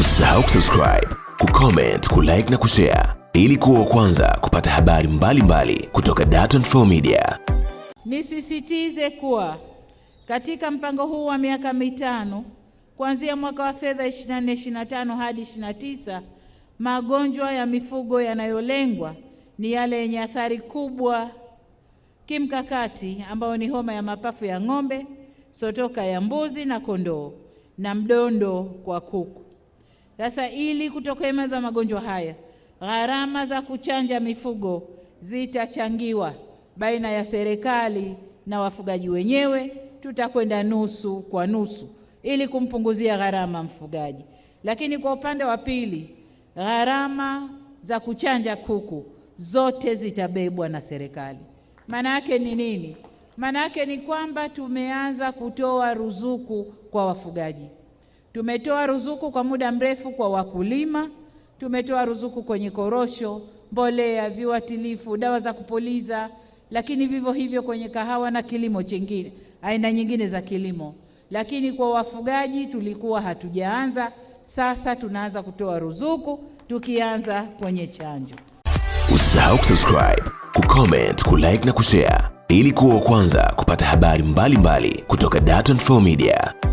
Usisahau kusubscribe, kucomment, kulike na kushare ili kuwa kwanza kupata habari mbalimbali mbali kutoka Dar24 Media. Nisisitize kuwa katika mpango huu wa miaka mitano kuanzia mwaka wa fedha 24 25 hadi 29, magonjwa ya mifugo yanayolengwa ni yale yenye athari kubwa kimkakati ambayo ni homa ya mapafu ya ng'ombe, sotoka ya mbuzi na kondoo na mdondo kwa kuku. Sasa ili kutokomeza magonjwa haya, gharama za kuchanja mifugo zitachangiwa baina ya serikali na wafugaji wenyewe, tutakwenda nusu kwa nusu ili kumpunguzia gharama mfugaji. Lakini kwa upande wa pili, gharama za kuchanja kuku zote zitabebwa na serikali. Maana yake ni nini? Maana yake ni kwamba tumeanza kutoa ruzuku kwa wafugaji. Tumetoa ruzuku kwa muda mrefu kwa wakulima, tumetoa ruzuku kwenye korosho, mbolea, viuatilifu, dawa za kupuliza, lakini vivyo hivyo kwenye kahawa na kilimo chingine, aina nyingine za kilimo. Lakini kwa wafugaji tulikuwa hatujaanza, sasa tunaanza kutoa ruzuku, tukianza kwenye chanjo. Usisahau kusubscribe, kucomment, kulike na kushare ili kuwa wa kwanza kupata habari mbalimbali mbali kutoka Dar24 Media.